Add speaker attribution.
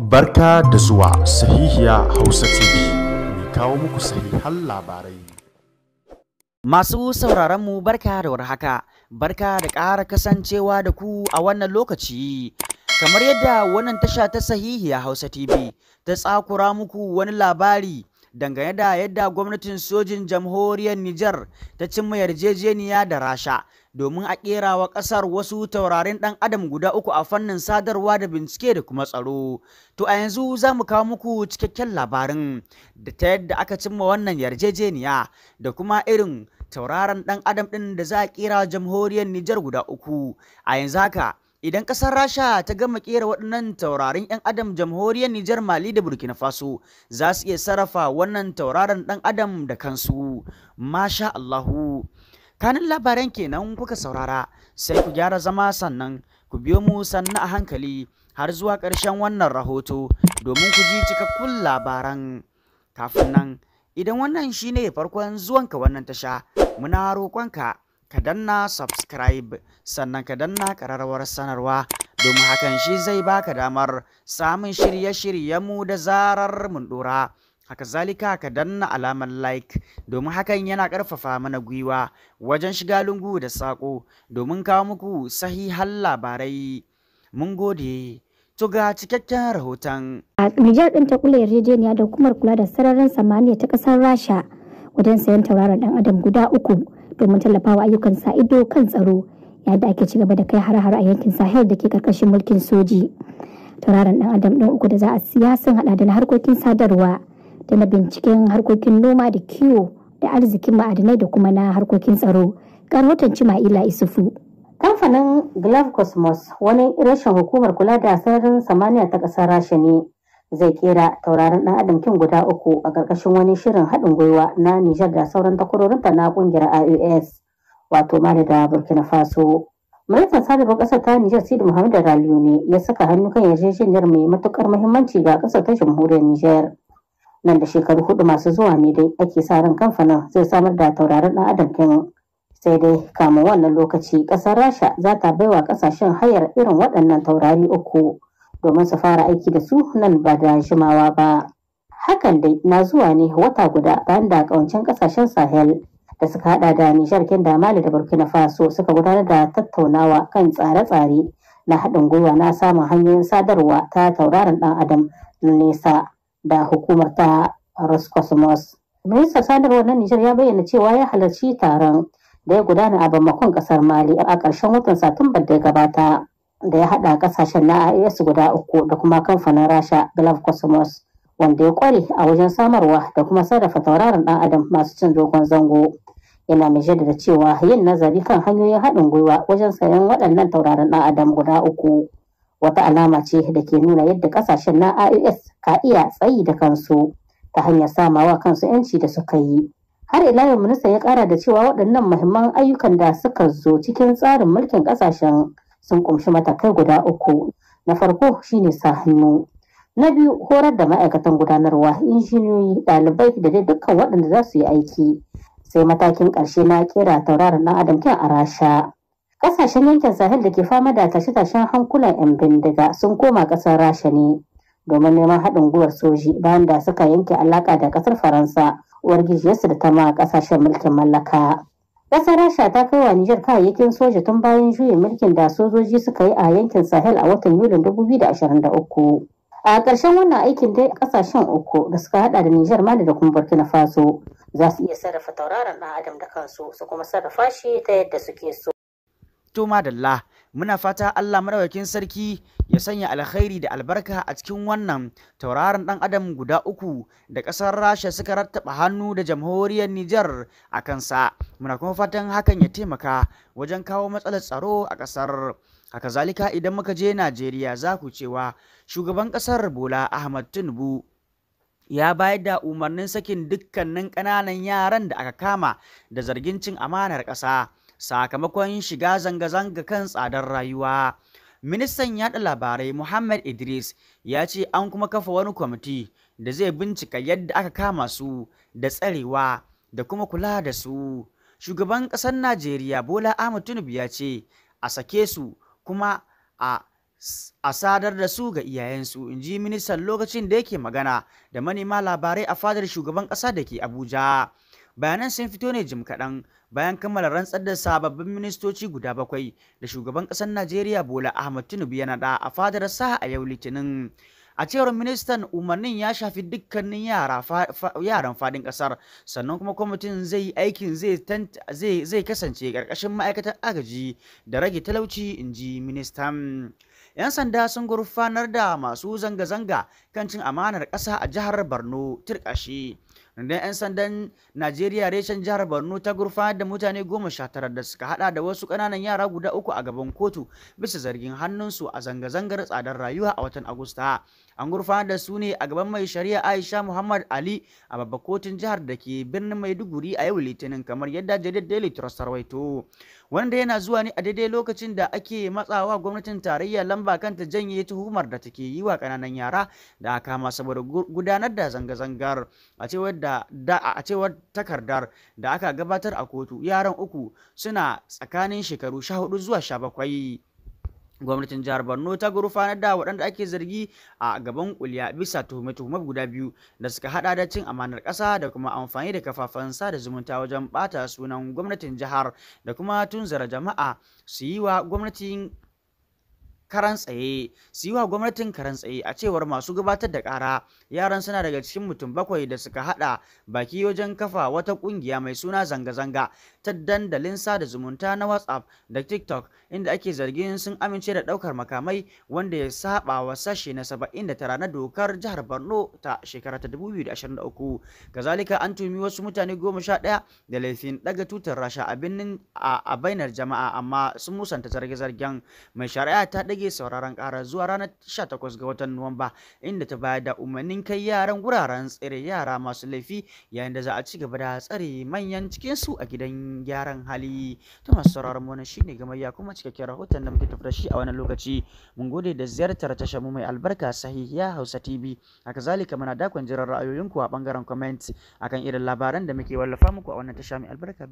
Speaker 1: Barka da zuwa sahihiya Hausa TV, mai kawo muku sahihan labarai. Masu sauraronmu barka da warhaka, barka da ƙara kasancewa da ku a wannan lokaci. Kamar yadda wannan tasha ta sahihiya Hausa TV ta tsakura muku wani labari dangane da yadda gwamnatin sojin jamhuriyar Nijar ta cimma yarjejeniya da Rasha domin a kera wa kasar wasu taurarin dan adam guda uku a fannin sadarwa da bincike da kuma tsaro. To a yanzu za mu kawo muku cikakken labarin da ta yadda aka cimma wannan yarjejeniya da kuma irin tauraron dan adam din da za a kera jamhuriyar Nijar guda uku. A yanzu haka Idan ƙasar Rasha ta gama kera waɗannan taurarin 'yan adam jamhuriyar Nijar Mali da Burkina Faso za su iya sarrafa wannan tauraron ɗan adam da kansu. Masha Allahu. Kanin labaran kenan kuka saurara sai ku gyara zama sannan ku biyo mu sannan a hankali har zuwa ƙarshen wannan rahoto domin ku ji cikakkun labaran. Kafin nan, idan wannan shine farkon zuwanka wannan tasha, muna roƙonka ka danna subscribe sannan ka danna ƙararrawar sanarwa domin hakan shi zai baka damar samun shirye-shiryenmu da zarar mun ɗora. haka zalika ka danna alamar like domin hakan yana ƙarfafa mana gwiwa wajen shiga lungu da saƙo domin kawo muku sahihan labarai mun gode to ga cikakken
Speaker 2: rahoton a nijar ɗin ta kula yarjejeniya da hukumar kula da sararin samaniya ta ƙasar rasha wajen sayan tauraron dan adam guda uku domin tallafawa ayyukan sa ido kan tsaro yadda da ake gaba da kai har-har a yankin sahel da ke karkashin mulkin soji tauraron dan adam ɗin uku da za a siya sun hada da na harkokin sadarwa da na binciken harkokin noma da kiwo da arzikin ma'adinai da kuma na harkokin tsaro ga rahoton cima'ila isufu kamfanin glove cosmos wani rashin hukumar kula da sararin samaniya ta ƙasar rasha ne zai kera tauraron dan adam kin guda uku a ƙarƙashin wani shirin haɗin gwiwa na Nijar da sauran takwarorinta na ƙungiyar IOS wato Mali da Burkina Faso. Ministan sadarwar ƙasar ta Nijar Sidi Muhammad raliu ne ya saka hannu kan yarjejeniyar mai matuƙar muhimmanci ga ƙasar ta jamhuriyar Nijar. Nan da shekaru hudu masu zuwa ne dai ake sa ran kamfanin zai samar da tauraron dan adam kin. Sai dai kamun wannan lokaci ƙasar Rasha za ta baiwa ƙasashen hayar irin waɗannan taurari uku. domin su fara aiki da su nan ba da jimawa ba. Hakan dai na zuwa ne wata guda bayan da kawancin kasashen Sahel da suka hada da Nijar da Mali da Burkina Faso suka gudanar da tattaunawa kan tsare-tsare na haɗin gwiwa na samun hanyoyin sadarwa ta tauraron ɗan adam nesa da hukumar ta Roscosmos. Ministan sadarwar na Nijar ya bayyana cewa ya halarci taron da ya gudana a Bamakon ƙasar Mali a ƙarshen watan Satumbar da ya gabata. da ya haɗa ƙasashen na AES guda uku da kuma kamfanin Rasha Glove Cosmos wanda ya kware a wajen samarwa da kuma sarrafa tauraron ɗan adam masu cin dogon zango. Yana mai jaddada cewa yin nazari kan hanyoyin haɗin gwiwa wajen sayan waɗannan tauraron ɗan adam guda uku. Wata alama ce da ke nuna yadda ƙasashen na AES ka iya tsayi da kansu ta hanyar samawa kansu 'yanci da suka yi. har ila yau minista ya kara da cewa waɗannan muhimman ayyukan da suka zo cikin tsarin mulkin ƙasashen sun kunshi matakai guda uku na farko shine sa hannu na biyu horar da ma'aikatan gudanarwa injiniyoyi ɗalibai da dai dukkan waɗanda za su yi aiki sai matakin ƙarshe na kera tauraron ɗan adam kyan a rasha ƙasashen yankin sahel da ke fama da tashe-tashen hankulan 'yan bindiga sun koma ƙasar rasha ne domin neman haɗin gwiwar soji bayan da suka yanke alaƙa da ƙasar faransa uwar gijiyarsu da ta ma ƙasashen mulkin mallaka Ƙasar Rasha ta kai wa Nijar kayayyakin soja tun bayan juyin mulkin da sojoji suka yi a yankin Sahel a watan Yulin 2023. A ƙarshen wannan aikin dai ƙasashen uku da suka haɗa da Nijar Mali da kuma Burkina Faso za su iya sarrafa tauraron ɗan Adam da kansu su kuma sarrafa shi ta yadda suke so.
Speaker 1: tuma da Allah. muna fata Allah madawakin sarki ya sanya alkhairi da albarka a cikin wannan tauraron dan adam guda uku da kasar Rasha suka rattaba hannu da jamhuriyar Nijar a kansa muna kuma fatan hakan ya taimaka wajen kawo matsalar tsaro a kasar haka zalika idan muka je Najeriya za ku cewa shugaban kasar Bola Ahmad Tinubu ya bayar da umarnin sakin dukkanin ƙananan yaran da aka kama da zargin cin amanar ƙasa sakamakon shiga zanga-zanga kan tsadar rayuwa. Ministan yaɗa labarai Muhammad Idris ya ce an kuma kafa wani kwamiti da zai bincika yadda aka kama su da tsarewa da kuma kula da su. Shugaban ƙasar Najeriya Bola Ahmed Tinubu ya ce a sake su kuma a a sadar da su ga iyayensu in ji ministan lokacin da yake magana da manema labarai a fadar shugaban ƙasa da ke abuja bayanan sun fito ne jim kaɗan bayan kammala rantsar da sababbin ministoci guda bakwai da shugaban ƙasar najeriya bola ahmad tinubu ya naɗa a fadar sa a yau litinin a cewar ministan umarnin ya shafi dukkanin yaran fadin ƙasar sannan kuma kwamitin zai aikin zai kasance karkashin ma'aikatan agaji da rage talauci in ji ministan 'yan sanda sun gurfanar da masu zanga-zanga kan cin amanar ƙasa a jihar Borno turkashi. Rundunar 'yan sandan Najeriya reshen jihar Borno ta gurfa da mutane goma sha tara da suka hada da wasu ƙananan yara guda uku a gaban kotu bisa zargin hannunsu a zanga-zangar tsadar rayuwa a watan Agusta. An gurfa da su ne a gaban mai shari'a Aisha Muhammad Ali a babbar kotun jihar da ke birnin Maiduguri a yau Litinin kamar yadda jadid Daily Trust tarwaito. Wanda yana zuwa ne a daidai lokacin da ake matsawa gwamnatin tarayya lamba kan ta janye tuhumar da take yi wa ƙananan yara da aka kama saboda gudanar da zanga-zangar a cewar takardar da aka gabatar a kotu yaran uku suna tsakanin shekaru 14 zuwa 17 gwamnatin jihar borno ta gurfanar da waɗanda ake zargi a gaban kuliya bisa tuhume-tuhume guda biyu da suka hada da cin amanar ƙasa da kuma amfani da kafafen sada zumunta wajen ɓata sunan gwamnatin jihar da kuma tunzara jama'a su yi wa gwamnatin karan tsaye su yi wa gwamnatin karan tsaye a cewar masu gabatar da kara yaran suna daga cikin mutum bakwai da suka hada baki wajen kafa wata kungiya mai suna zanga-zanga ta dandalin sada zumunta na whatsapp da tiktok inda ake zargin sun amince da daukar makamai wanda ya saba wa sashe na 79 na dokar jihar borno ta shekara ta 2023 kazalika an tumi wasu mutane goma sha ɗaya da laifin daga tutar rasha a bainar jama'a amma sun musanta zarge-zargen mai shari'a ta ɗage rage sauraron ƙara zuwa ranar 18 ga watan Nuwamba inda ta bayar da umarnin kai yaran wuraren tsire, yara masu laifi yayin da za a ci gaba da tsare manyan cikin su a gidan gyaran hali to masu sauraron mu shine gamayya kuma cikakken rahoton da muke tafi da shi a wannan lokaci mun gode da ziyartar tashar mu mai albarka ya Hausa TV haka zalika muna dakon jiran ra'ayoyinku a bangaren comment akan irin labaran da muke wallafa muku a wannan tasha mai albarka